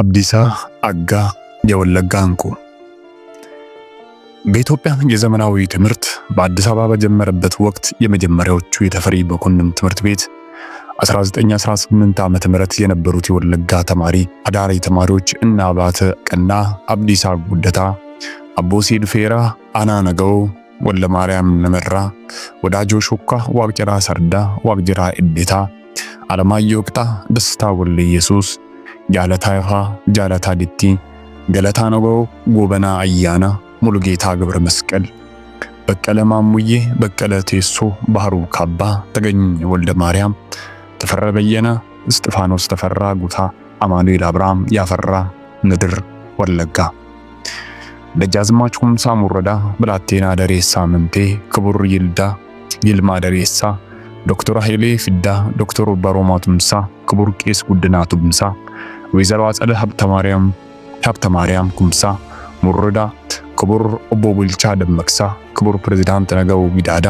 አብዲሳ አጋ የወለጋ እንቁ በኢትዮጵያ የዘመናዊ ትምህርት በአዲስ አበባ በጀመረበት ወቅት የመጀመሪያዎቹ የተፈሪ መኮንን ትምህርት ቤት 1918 ዓመተ ም የነበሩት የወለጋ ተማሪ አዳሪ ተማሪዎች እና አባተ ቀና፣ አብዲሳ ጉደታ፣ ሴድ ፌራ፣ አና ነገው፣ ወለ ማርያም ነመራ፣ ወዳጆ ሾካ፣ ዋቅጅራ ሰርዳ፣ ዋቅጅራ እዴታ፣ አለማየሁ ቅጣ፣ ደስታ ወለ ኢየሱስ jaalataa irraa jaalataadittii galataan oba'oo gobanaa ayyaanaa Muulugeetaa ገብረ መስቀል፣ በቀለ ማሙዬ፣ በቀለ ቴሶ፣ ባህሩ ካባ፣ ተገኝ ወልደ ማርያም፣ ተፈራ በየነ፣ እስጢፋኖስ ተፈራ ጉታ፣ አማኑኤል አብርሃም ያፈራ ምድር ወለጋ፣ ደጃዝማች ኩምሳ ሙረዳ፣ ብላቴና ደሬሳ ምንቴ፣ ክቡር ይልዳ ይልማ ደሬሳ፣ ዶክተር ሀይሌ ፊዳ፣ ዶክተር በሮማ ቱምሳ፣ ክቡር ቄስ ጉድና ቱምሳ ወይዘሮ አጸደ ሀብተ ማርያም ኩምሳ ሙርዳ፣ ክቡር ኦቦ ቡልቻ ደመቅሳ፣ ክቡር ፕሬዝዳንት ነገው ጊዳዳ፣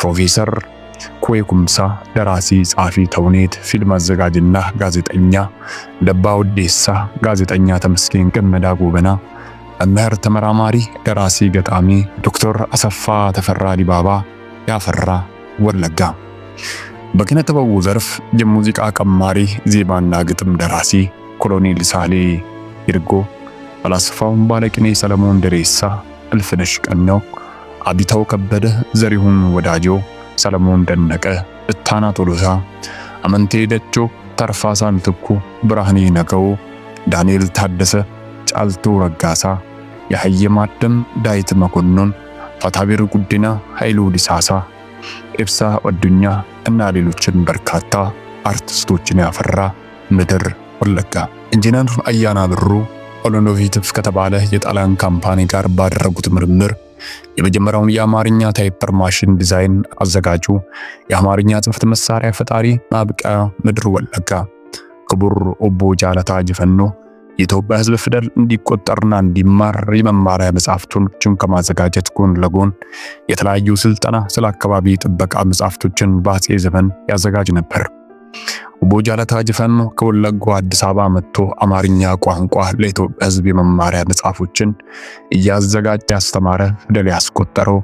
ፕሮፌሰር ኮይ ኩምሳ ደራሲ፣ ጸሐፊ ተውኔት፣ ፊልም አዘጋጅና ጋዜጠኛ ደባው ዴሳ፣ ጋዜጠኛ ተመስገን ገመዳ ጎበና፣ መምህር ተመራማሪ፣ ደራሲ፣ ገጣሚ ዶክተር አሰፋ ተፈራ ዲባባ ያፈራ ወለጋ። በኪነ ጥበቡ ዘርፍ የሙዚቃ ቀማሪ፣ ዜማና ግጥም ደራሲ ኮሎኔል ሳህሌ ይርጎ፣ ፈላስፋውን ባለቅኔ ሰለሞን ደሬሳ፣ እልፍነሽ ቀናው፣ አቢታው ከበደ፣ ዘሪሁን ወዳጆ፣ ሰለሞን ደነቀ፣ እታና ቶሎሳ፣ አመንቴ ደቾ፣ ተርፋሳ ንትኩ፣ ብርሃኔ ነገው፣ ዳንኤል ታደሰ፣ ጫልቱ ረጋሳ፣ የሐየ ማደም፣ ዳይት መኮንን፣ ፈታቢር ጉዲና፣ ኃይሉ ዲሳሳ፣ ኤብሳ አዱኛ እና ሌሎችን በርካታ አርቲስቶችን ያፈራ ምድር ወለጋ ኢንጂነር አያና ብሩ ኦሎኖቬቲቭ ከተባለ የጣሊያን ካምፓኒ ጋር ባደረጉት ምርምር የመጀመሪያውን የአማርኛ ታይፐር ማሽን ዲዛይን አዘጋጁ። የአማርኛ ጽህፈት መሳሪያ ፈጣሪ ማብቂያ ምድር ወለጋ ክቡር ኦቦ ጃለታ ጅፈኖ የኢትዮጵያ ሕዝብ ፊደል እንዲቆጠርና እንዲማር የመማሪያ መጽሐፍቶችን ከማዘጋጀት ጎን ለጎን የተለያዩ ስልጠና ስለ አካባቢ ጥበቃ መጽሐፍቶችን በአፄ ዘመን ያዘጋጅ ነበር። ቦ ጃለታ ጅፈኖ ከወለጎ አዲስ አበባ መጥቶ አማርኛ ቋንቋ ለኢትዮጵያ ሕዝብ የመማሪያ መጽሐፎችን እያዘጋጀ ያስተማረ ፊደል ያስቆጠረው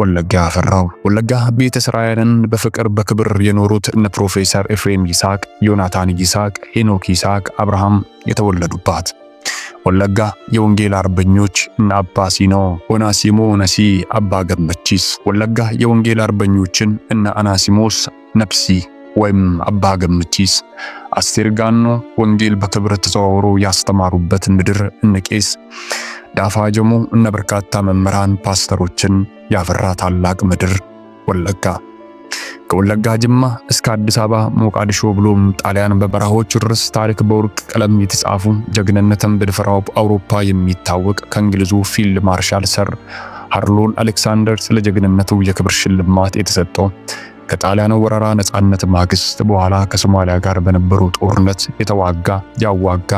ወለጋ ያፈራው ወለጋ ቤተ እስራኤልን በፍቅር በክብር የኖሩት እነ ፕሮፌሰር ኤፍሬም ይስሐቅ፣ ዮናታን ይስሐቅ፣ ሄኖክ ይስሐቅ፣ አብርሃም የተወለዱባት ወለጋ የወንጌል አርበኞች እነ አባ ሲኖ፣ ኦናሲሞ ነሲ፣ አባ ገመቺስ ወለጋ የወንጌል አርበኞችን እነ አናሲሞስ ነፍሲ ወይም አባ ገምቺስ ጋኖ ወንጌል በክብር ተዘዋውሮ ያስተማሩበት ምድር እንቄስ ቄስ ዳፋ ጀሞ እነ በርካታ መምህራን ፓስተሮችን ያፈራ ታላቅ ምድር ወለጋ። ከወለጋ ጅማ እስከ አዲስ አበባ ሞቃዲሾ ብሎም ጣሊያን በበረሃዎች ድረስ ታሪክ በወርቅ ቀለም የተጻፉ ጀግንነትን በድፈራው አውሮፓ የሚታወቅ ከእንግሊዙ ፊልድ ማርሻል ሰር ሃርሎን አሌክሳንደር ስለ ጀግንነቱ የክብር ሽልማት የተሰጠው ከጣሊያን ወረራ ነፃነት ማግስት በኋላ ከሶማሊያ ጋር በነበሩ ጦርነት የተዋጋ ያዋጋ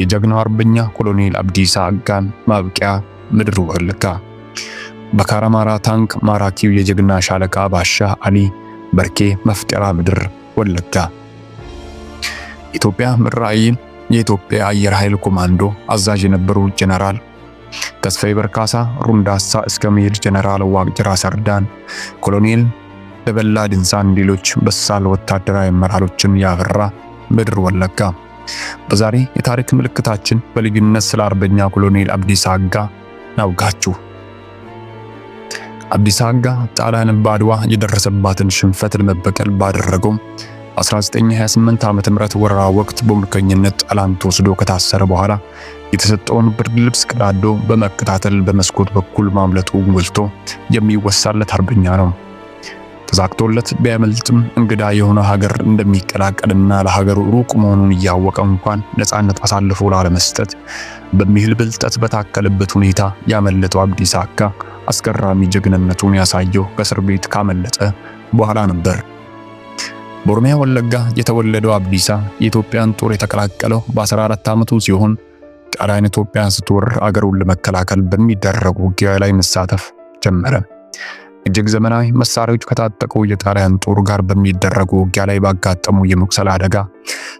የጀግናው አርበኛ ኮሎኔል አብዲሳ አጋን ማብቂያ ምድሩ ህልካ በካራማራ ታንክ ማራኪው የጀግና ሻለቃ ባሻ አሊ በርኬ መፍጠራ ምድር ወለጋ ኢትዮጵያ ምራይን የኢትዮጵያ አየር ኃይል ኮማንዶ አዛዥ የነበሩ ጀነራል ተስፋዬ በርካሳ ሩንዳሳ እስከ መሄድ ጀነራል ዋቅጅራ ሰርዳን ኮሎኔል ለበላዲንሳን ሌሎች በሳል ወታደራዊ አመራሮችን ያፈራ ምድር ወለጋ። በዛሬ የታሪክ ምልክታችን በልዩነት ስለ አርበኛ ኮሎኔል አብዲሳ አጋ ናውጋችሁ። አብዲሳ አጋ ጣሊያን በአድዋ የደረሰባትን ሽንፈት ለመበቀል ባደረገው 1928 ዓ.ም ምረት ወረራ ወቅት በምርኮኝነት ጣሊያን ተወስዶ ከታሰረ በኋላ የተሰጠውን ብርድ ልብስ ቀዳዶ በመከታተል በመስኮት በኩል ማምለጡ ጎልቶ የሚወሳለት አርበኛ ነው። ተሳክቶለት ቢያመልጥም እንግዳ የሆነ ሀገር እንደሚቀላቀልና ለሀገሩ ሩቅ መሆኑን እያወቀ እንኳን ነፃነት አሳልፎ ላለመስጠት በሚህል ብልጠት በታከለበት ሁኔታ ያመለጠው አብዲስ አካ አስገራሚ ጀግንነቱን ያሳየው ከእስር ቤት ካመለጠ በኋላ ነበር። በኦሮሚያ ወለጋ የተወለደው አብዲሳ የኢትዮጵያን ጦር የተቀላቀለው በ14 ዓመቱ ሲሆን ጣሊያን ኢትዮጵያን ስትወር አገሩን ለመከላከል በሚደረጉ ውጊያ ላይ መሳተፍ ጀመረ። እጅግ ዘመናዊ መሳሪያዎች ከታጠቁ የጣሊያን ጦር ጋር በሚደረጉ ውጊያ ላይ ባጋጠሙ የመቁሰል አደጋ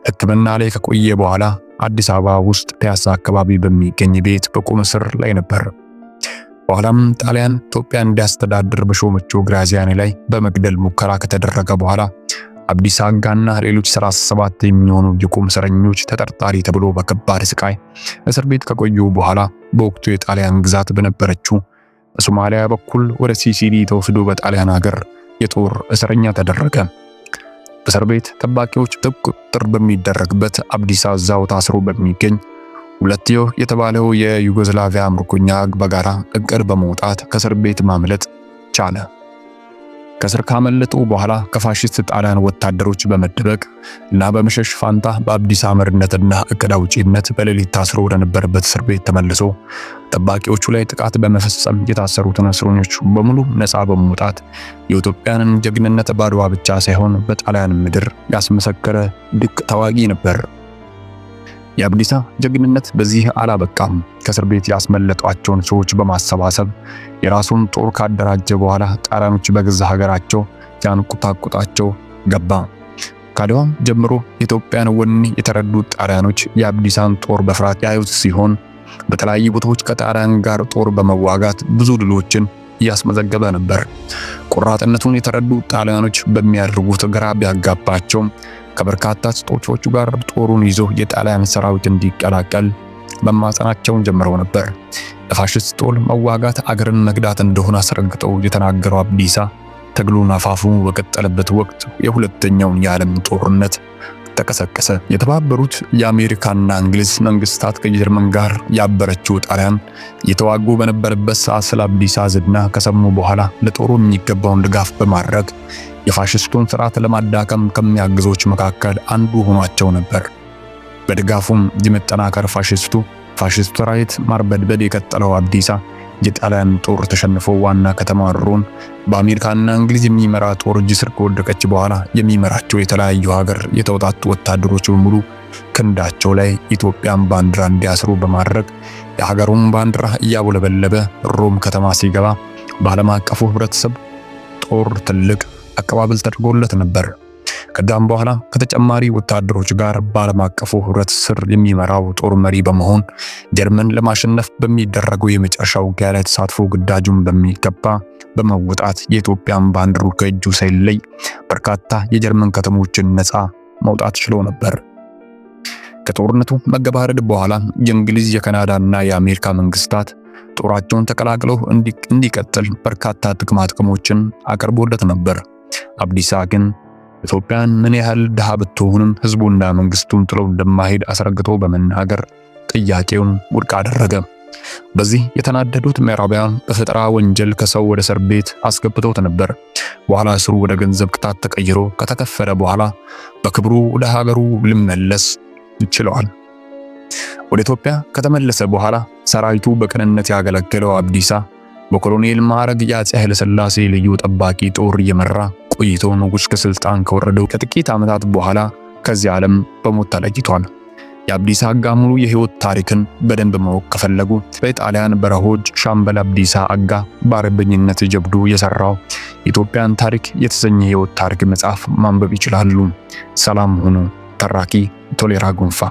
ሕክምና ላይ ከቆየ በኋላ አዲስ አበባ ውስጥ ፒያሳ አካባቢ በሚገኝ ቤት በቁም እስር ላይ ነበር። በኋላም ጣሊያን ኢትዮጵያ እንዲያስተዳድር በሾመችው ግራዚያኒ ላይ በመግደል ሙከራ ከተደረገ በኋላ አብዲሳ አጋና ሌሎች 37 የሚሆኑ የቁም እስረኞች ተጠርጣሪ ተብሎ በከባድ ስቃይ እስር ቤት ከቆዩ በኋላ በወቅቱ የጣሊያን ግዛት በነበረችው በሶማሊያ በኩል ወደ ሲሲሊ ተወስዶ በጣሊያን ሀገር የጦር እስረኛ ተደረገ። በእስር ቤት ጠባቂዎች ጥብቅ ቁጥጥር በሚደረግበት አብዲስ አዛው ታስሮ በሚገኝ ሁለትዮ የተባለው የዩጎዝላቪያ ምርኮኛ በጋራ እቅድ በመውጣት ከእስር ቤት ማምለጥ ቻለ። ከስር ካመለጡ በኋላ ከፋሽስት ጣሊያን ወታደሮች በመደበቅ እና በመሸሽ ፋንታ በአብዲሳ መሪነትና እቅድ አውጪነት በሌሊት ታስሮ ወደነበረበት እስር ቤት ተመልሶ ጠባቂዎቹ ላይ ጥቃት በመፈጸም የታሰሩትን እስረኞች በሙሉ ነፃ በመውጣት የኢትዮጵያንን ጀግንነት ባድዋ ብቻ ሳይሆን በጣሊያን ምድር ያስመሰከረ ድቅ ተዋጊ ነበር። የአብዲሳ ጀግንነት በዚህ አላበቃም። ከእስር ቤት ያስመለጧቸውን ሰዎች በማሰባሰብ የራሱን ጦር ካደራጀ በኋላ ጣሊያኖች በገዛ ሀገራቸው ያንቁታቁጣቸው ገባ። ካዲዋም ጀምሮ የኢትዮጵያን ወኔ የተረዱት ጣሊያኖች የአብዲሳን ጦር በፍርሃት ያዩት ሲሆን በተለያዩ ቦታዎች ከጣሊያን ጋር ጦር በመዋጋት ብዙ ድሎችን እያስመዘገበ ነበር። ቆራጥነቱን የተረዱ ጣሊያኖች በሚያደርጉት ግራ ቢያጋባቸው ከበርካታ ስጦቾቹ ጋር ጦሩን ይዞ የጣሊያን ሰራዊት እንዲቀላቀል መማጸናቸውን ጀምረው ነበር። ለፋሽስት ጦር መዋጋት አገርን መግዳት እንደሆነ አስረግጠው የተናገረው አብዲሳ ትግሉን አፋፉ በቀጠለበት ወቅት የሁለተኛውን የዓለም ጦርነት ተቀሰቀሰ። የተባበሩት የአሜሪካና እንግሊዝ መንግስታት ከጀርመን ጋር ያበረችው ጣሊያን እየተዋጉ በነበረበት ሰዓት ስለ አብዲሳ ዝና ከሰሙ በኋላ ለጦሩ የሚገባውን ድጋፍ በማድረግ የፋሽስቱን ስርዓት ለማዳከም ከሚያግዞች መካከል አንዱ ሆኗቸው ነበር። በድጋፉም የመጠናከር ፋሽስቱ ፋሽስት ራይት ማርበድበድ የቀጠለው አብዲሳ የጣሊያን ጦር ተሸንፎ ዋና ከተማ ሮም በአሜሪካና እንግሊዝ የሚመራ ጦር እጅ ስር ከወደቀች በኋላ የሚመራቸው የተለያዩ ሀገር የተውጣጡ ወታደሮች በሙሉ ክንዳቸው ላይ ኢትዮጵያን ባንዲራ እንዲያስሩ በማድረግ የሀገሩን ባንዲራ እያውለበለበ ሮም ከተማ ሲገባ በዓለም አቀፉ ህብረተሰብ ጦር ትልቅ አቀባበል ተደርጎለት ነበር። ከዛም በኋላ ከተጨማሪ ወታደሮች ጋር በዓለም አቀፉ ህብረት ስር የሚመራው ጦር መሪ በመሆን ጀርመን ለማሸነፍ በሚደረገው የመጨረሻው ውጊያ ላይ ተሳትፎ ግዳጁን በሚገባ በመወጣት የኢትዮጵያን ባንዲራ ከእጁ ሳይለይ በርካታ የጀርመን ከተሞችን ነፃ መውጣት ችሎ ነበር። ከጦርነቱ መገባረድ በኋላ የእንግሊዝ የካናዳና የአሜሪካ መንግስታት ጦራቸውን ተቀላቅለው እንዲቀጥል በርካታ ጥቅማ ጥቅሞችን አቅርቦለት ነበር። አብዲሳ ግን ኢትዮጵያን ምን ያህል ድሃ ብትሆንም ህዝቡና መንግስቱን ጥሎ እንደማሄድ አስረግቶ በመናገር ጥያቄውን ውድቅ አደረገ። በዚህ የተናደዱት ምዕራባውያን በፈጠራ ወንጀል ከሰው ወደ እስር ቤት አስገብተውት ነበር። በኋላ እስሩ ወደ ገንዘብ ቅጣት ተቀይሮ ከተከፈለ በኋላ በክብሩ ወደ ሀገሩ ሊመለስ ይችለዋል። ወደ ኢትዮጵያ ከተመለሰ በኋላ ሰራዊቱ በቅንነት ያገለገለው አብዲሳ በኮሎኔል ማዕረግ ኃይለ ኃይለሥላሴ ልዩ ጠባቂ ጦር እየመራ ቆይቶ ንጉሥ ከስልጣን ከወረደው ከጥቂት ዓመታት በኋላ ከዚህ ዓለም በሞት ተለይቷል። የአብዲሳ አጋ ሙሉ የህይወት ታሪክን በደንብ ማወቅ ከፈለጉ በጣሊያን በረሆች ሻምበል አብዲሳ አጋ በአርበኝነት ጀብዱ የሰራው የኢትዮጵያን ታሪክ የተሰኘ የህይወት ታሪክ መጽሐፍ ማንበብ ይችላሉ። ሰላም ሁኑ። ተራኪ ቶሌራ ጉንፋ